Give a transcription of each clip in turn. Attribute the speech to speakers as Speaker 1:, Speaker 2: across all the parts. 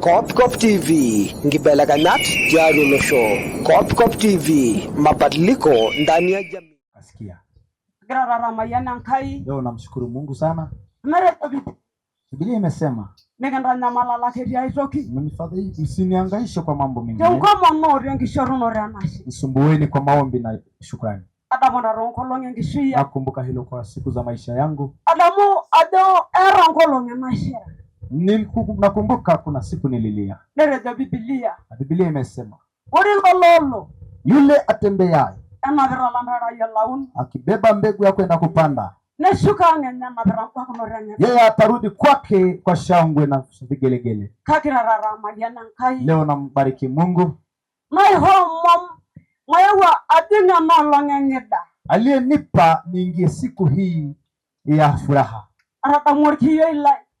Speaker 1: Kopkop TV nkibelekenyat tialo olosho. Kopkop TV mabadiliko ndani ya jamii.
Speaker 2: Asikia
Speaker 3: rara mayana nkai.
Speaker 2: leo, namshukuru Mungu sana. vipi? Biblia imesema
Speaker 3: na malala nikintanyamalala ketii
Speaker 2: Mimi fadhili msiniangaishe kwa mambo
Speaker 3: mengine, tenkomonoot enkishorunoto enashe,
Speaker 2: msumbueni kwa maombi na shukrani.
Speaker 3: Adamu naro nkolong enkishui
Speaker 2: nakumbuka hilo kwa siku za maisha yangu,
Speaker 3: adamu ado era nkolong maisha.
Speaker 2: Nakumbuka kuna siku nililia.
Speaker 3: Nereja Biblia.
Speaker 2: Na Biblia imesema.
Speaker 3: Urilo lolo.
Speaker 2: Yule atembeaye.
Speaker 3: Anavera lanara ya
Speaker 2: Akibeba mbegu ya kwenda kupanda.
Speaker 3: Neshuka anganya mabara kwa kumoranya.
Speaker 2: Yeye atarudi kwake kwa shangwe na vigelegele.
Speaker 3: Kagira rarama ya nankai.
Speaker 2: Leo nambariki Mungu.
Speaker 3: My home mom. Mwewa adinga malangenyeda.
Speaker 2: Aliyenipa niingie siku hii ya furaha.
Speaker 3: Arata mwarkiyo ilai.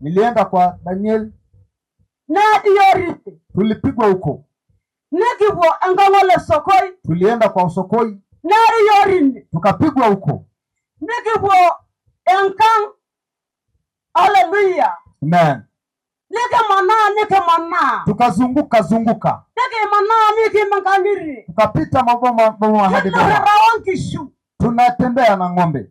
Speaker 2: Nilienda kwa Daniel
Speaker 3: nadiyorithi,
Speaker 2: tulipigwa huko
Speaker 3: nikivo angang'ole sokoi,
Speaker 2: tulienda kwa usokoi
Speaker 3: nariyorini,
Speaker 2: tukapigwa huko
Speaker 3: nikivo enkang. aleluya amen. Nikimanaa nikimanaa,
Speaker 2: tukazunguka zunguka,
Speaker 3: nikimanaa nikimanganiri,
Speaker 2: tukapita maboma maboma hadi tunatembea na ng'ombe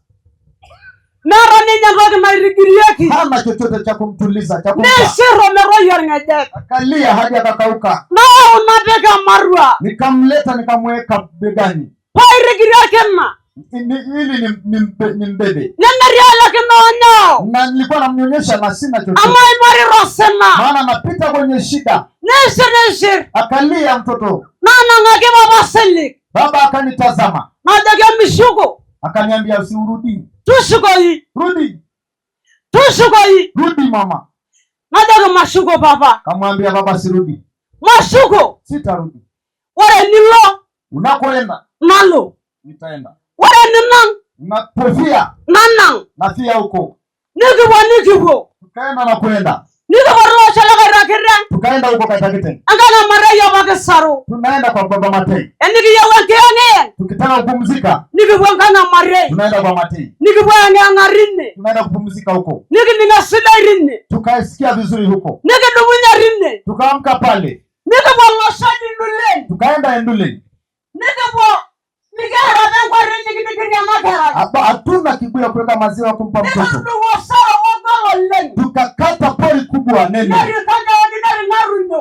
Speaker 3: nara ninyanrwaki mairigirieki
Speaker 2: hana chochote cha kumtuliza
Speaker 3: cha kumpa ng'ejek
Speaker 2: akalia hadi akakauka
Speaker 3: naunateka marwa
Speaker 2: nikamleta nikamweka begani
Speaker 3: pairigiriakenna
Speaker 2: ili ni mbebe
Speaker 3: nenerialakinoonyao
Speaker 2: na nilikuwa namnyonyesha na sina chochote
Speaker 3: amaimorirosena
Speaker 2: maana anapita kwenye shida
Speaker 3: neshir neshir
Speaker 2: akalia mtoto
Speaker 3: nanang'aki baba selik
Speaker 2: baba akanitazama
Speaker 3: najakia mishuko
Speaker 2: Akaniambia usiurudi.
Speaker 3: Tushukoi. Rudi. Tushukoi.
Speaker 2: Rudi mama.
Speaker 3: Nataka mashuko baba.
Speaker 2: Kamwambia baba sirudi.
Speaker 3: Mashuko. Sitarudi. Wale nilo.
Speaker 2: Unakoenda. Nalo. Nitaenda.
Speaker 3: Wale ninang.
Speaker 2: Napofia. Nanang. Nafia huko.
Speaker 3: Nikiwa nikiwa.
Speaker 2: Tukaenda na kwenda.
Speaker 3: Nikiwa roho chalaka bakirra
Speaker 2: tukaenda huko Kaitagite
Speaker 3: angana marayo bakisaru
Speaker 2: tunaenda kwa baba Matei
Speaker 3: enikiyawakeane
Speaker 2: tukitaka kupumzika
Speaker 3: nikibwangana marei
Speaker 2: tunaenda kwa Matei
Speaker 3: nikibwangana rinne
Speaker 2: tunaenda kupumzika huko
Speaker 3: nikininga sida rinne
Speaker 2: tukaisikia vizuri huko
Speaker 3: nikidubunya rinne
Speaker 2: tukaamka pale
Speaker 3: nikibwangoshaji nduleni
Speaker 2: tukaenda enduleni
Speaker 3: nikibwa nikaharave ngwari nikidikiriamakeha
Speaker 2: hatuna kibuya kuweka maziwa kumpa mtoto tukakata pori kubwa nene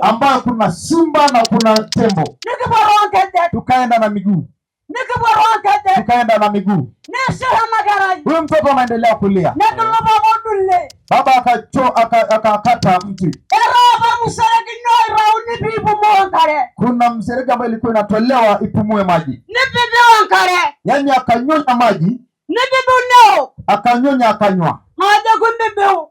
Speaker 2: ambayo kuna simba na kuna tembo, tukaenda na miguu tukaenda na miguu. Huyu mtoto anaendelea kulia, baba akakata mti. Kuna mserege ambayo ilikuwa inatolewa ipumue maji, yaani akanyonya maji, akanyonya akanywa
Speaker 3: 我再问一遍。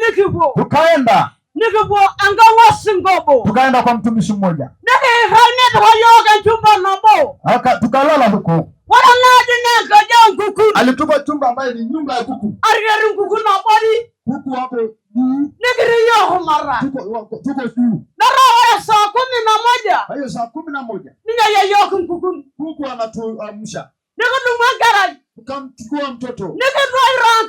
Speaker 3: Nikivo.
Speaker 2: Tukaenda
Speaker 3: nikivo anga wasingobo
Speaker 2: Tukaenda kwa mtumishi mmoja eh, Aka tukalala huko.
Speaker 3: Wala nadi nanga ja nkuku.
Speaker 2: Alitupa chumba ambaye ni nyumba ya kuku.
Speaker 3: Arigari nkuku na Kuku hapo. Mm. Nigiri yoho mara. Tuko tuko Na roho ya saa kumi na moja.
Speaker 2: Hiyo saa kumi na moja.
Speaker 3: Nina ya nkuku.
Speaker 2: Kuku anatuamsha.
Speaker 3: Niko dumwa
Speaker 2: Tukamchukua mtoto.
Speaker 3: Niko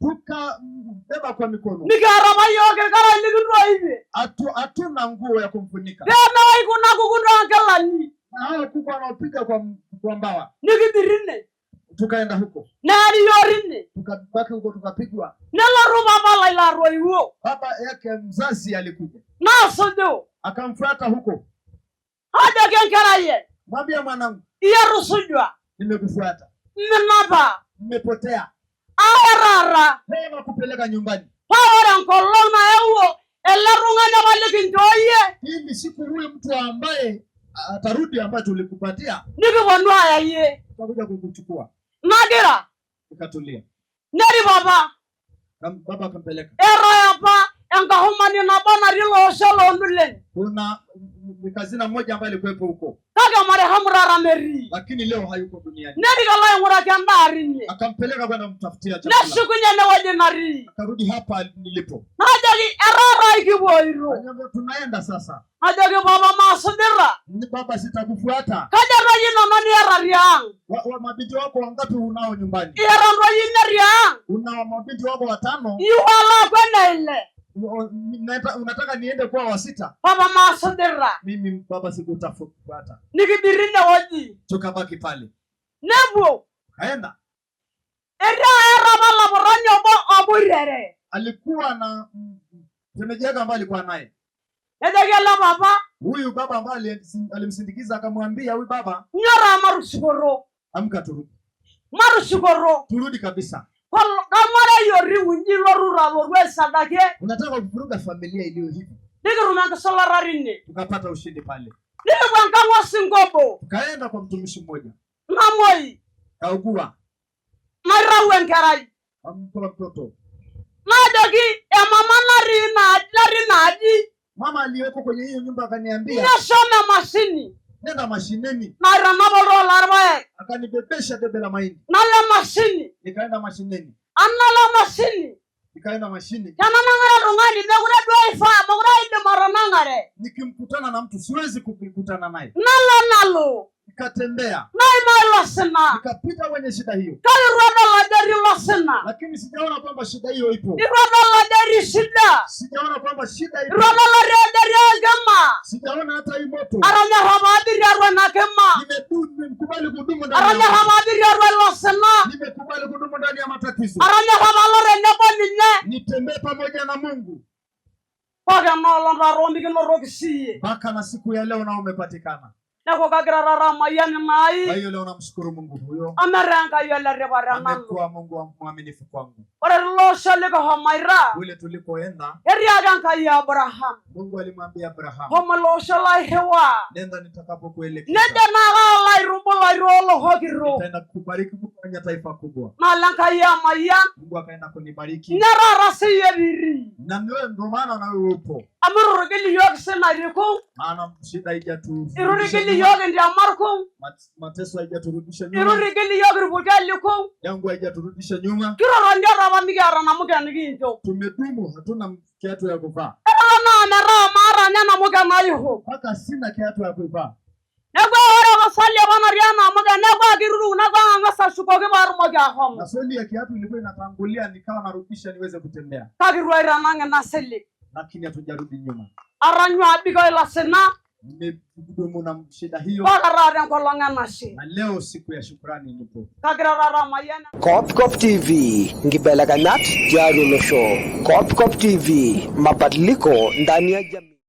Speaker 2: Tuka Beba kwa mikono.
Speaker 3: Nikarama yoke kara ilikundwa hivi.
Speaker 2: Atu hatuna nguo ya kumfunika.
Speaker 3: Tena haikuna kukundwa angalani.
Speaker 2: Na hao kuku wanaopiga kwa kwa mbawa.
Speaker 3: Nikidirine.
Speaker 2: Tukaenda huko.
Speaker 3: Na aliyorine.
Speaker 2: Tukabaki huko tukapigwa.
Speaker 3: Nala ruma bala ila roiwo.
Speaker 2: Baba yake mzazi alikuja.
Speaker 3: Na sojo.
Speaker 2: Akamfuata huko.
Speaker 3: Haja kenkara ye.
Speaker 2: Mwambie mwanangu.
Speaker 3: iyarusujwa rusujwa.
Speaker 2: Nimekufuata.
Speaker 3: Mmenapa.
Speaker 2: Mmepotea
Speaker 3: awarara
Speaker 2: mema kupeleka nyumbani
Speaker 3: pawara nkolong na euo ele rung'ana walikintoye
Speaker 2: ili siku mtu ambaye atarudi ambacho ulikupatia
Speaker 3: nikiponua yaye
Speaker 2: takuja kukuchukua
Speaker 3: nadira ikatulia neri baba
Speaker 2: baba akampeleka
Speaker 3: eroya pa enkahumani nabonarilo osholonduleni
Speaker 2: kuna mkazina mmoja ambaye alikuwepo huko
Speaker 3: kaga marehemu rarameri
Speaker 2: lakini leo hayuko duniani
Speaker 3: nenikalaing'uraki endarinye
Speaker 2: akampeleka kwenda mtafutia
Speaker 3: chakula neshukunye newojinari
Speaker 2: akarudi hapa nilipo
Speaker 3: najoki erara ikiwoiro
Speaker 2: tunaenda sasa
Speaker 3: najoki baba masudira
Speaker 2: ni baba sitakufuata
Speaker 3: kajaroyinono nierari ang
Speaker 2: wa, wa wako wangapi unao nyumbani
Speaker 3: ieranroyinyeri ang
Speaker 2: una mabinti wako watano
Speaker 3: iwala kweneile
Speaker 2: unataka niende kwa wasita
Speaker 3: baba maasodera
Speaker 2: mimi baba sikutafuata
Speaker 3: nikibirinda woji
Speaker 2: tukabaki pale
Speaker 3: nebo kaenda era eraba laborani obo aburere
Speaker 2: alikuwa na mtemeji yake ambaye alikuwa naye
Speaker 3: edegela baba
Speaker 2: huyu baba ambaye alimsindikiza akamwambia huyu baba
Speaker 3: nyora marusikoro amka turudi marusikoro
Speaker 2: turudi kabisa
Speaker 3: kamara yori unji loru rabo sadake.
Speaker 2: Unataka kuvuruga familia iliyo hivi.
Speaker 3: Nikirumanga sala rarinne.
Speaker 2: Tukapata ushindi pale.
Speaker 3: Nikibwanka ngosi ngobo.
Speaker 2: Kaenda kwa mtumishi mmoja.
Speaker 3: Mamoi. Kaugua. Mara uwe ngarai.
Speaker 2: Amkula mtoto.
Speaker 3: Madogi ya mama nari nari aji.
Speaker 2: Mama aliyeko kwenye hiyo nyumba akaniambia.
Speaker 3: Nasoma mashini.
Speaker 2: Nenda mashineni.
Speaker 3: Mara na bolola larwa.
Speaker 2: Akanibebesha debe la mahindi.
Speaker 3: Nala mashini.
Speaker 2: Nikaenda mashineni
Speaker 3: annala mashini
Speaker 2: nikaenda mashini
Speaker 3: tananang'ara mekura dua ifa mekura mekure mara nangare
Speaker 2: nikimkutana na mtu siwezi kukutana naye
Speaker 3: nalo nalo
Speaker 2: nikatembea
Speaker 3: naima sina
Speaker 2: nikapita kwenye shida hiyo
Speaker 3: kalirwadalajari ilo sina
Speaker 2: lakini sijaona kwamba shida hiyo ipo
Speaker 3: irwadalajari shida
Speaker 2: sijaona kwamba shida
Speaker 3: ipo irwadalajari agema
Speaker 2: sijaona hata hii moto
Speaker 3: aranyarabadiri arwanakema
Speaker 2: nimekubali kudumu
Speaker 3: ndani aranyarabadiri matatizo. Aranyakhana lorenyakonine
Speaker 2: nitembee pamoja na Mungu
Speaker 3: mpaka naolonda arombikinorokisie
Speaker 2: Baka na siku ya leo na umepatikana
Speaker 3: nako kagrararama yani mai.
Speaker 2: Kwa hiyo leo namshukuru Mungu huyo.
Speaker 3: Ameranga yala rebara Mungu.
Speaker 2: Amekuwa Mungu mwaminifu kwangu.
Speaker 3: Ora losha leba hamaira.
Speaker 2: Kule tulikoenda.
Speaker 3: Yari aganga ya Abraham.
Speaker 2: Mungu alimwambia Abraham.
Speaker 3: Homa losha la hewa.
Speaker 2: Nenda nitakapokuelekeza.
Speaker 3: Nenda na ala irumbo la rolo hogiro.
Speaker 2: Nitaenda kukubariki kufanya taifa kubwa.
Speaker 3: Malanga ya maya.
Speaker 2: Mungu akaenda kunibariki.
Speaker 3: Nyara rasi ya biri.
Speaker 2: Na ndio ndio maana na wewe upo.
Speaker 3: Amurugili yoksena riko.
Speaker 2: Maana shida haijatu.
Speaker 3: Irurugili gili yogindi ya markum,
Speaker 2: mateso haijaturudisha
Speaker 3: nyuma, irudi gili yogiri butellikum,
Speaker 2: yangu haijaturudisha nyuma,
Speaker 3: kiroro ndirava mikera na mukenikicho,
Speaker 2: tumedumu hatuna kiatu ya kuvaa,
Speaker 3: eranamera maranya na mukenaihu,
Speaker 2: mpaka sina kiatu ya kuvaa
Speaker 3: na kwa vasalia vanarianamuke negwa kirurunegwa ang'asa shukoki varumoki ahomo
Speaker 2: nasolia kiatu ilikuwa inatangulia nikawa narudisha niweze kutembea
Speaker 3: kakirwaira nange nasili
Speaker 2: lakini hatujarudi nyuma
Speaker 3: aranywa biko ila sena
Speaker 2: Nimedumu shida hiyo
Speaker 3: mpaka ngolonga nashe
Speaker 2: na leo siku ya shukrani nipo
Speaker 1: mayana TV ngibelekenyat jari olosho Cop Cop TV mabadiliko ndani ya jamii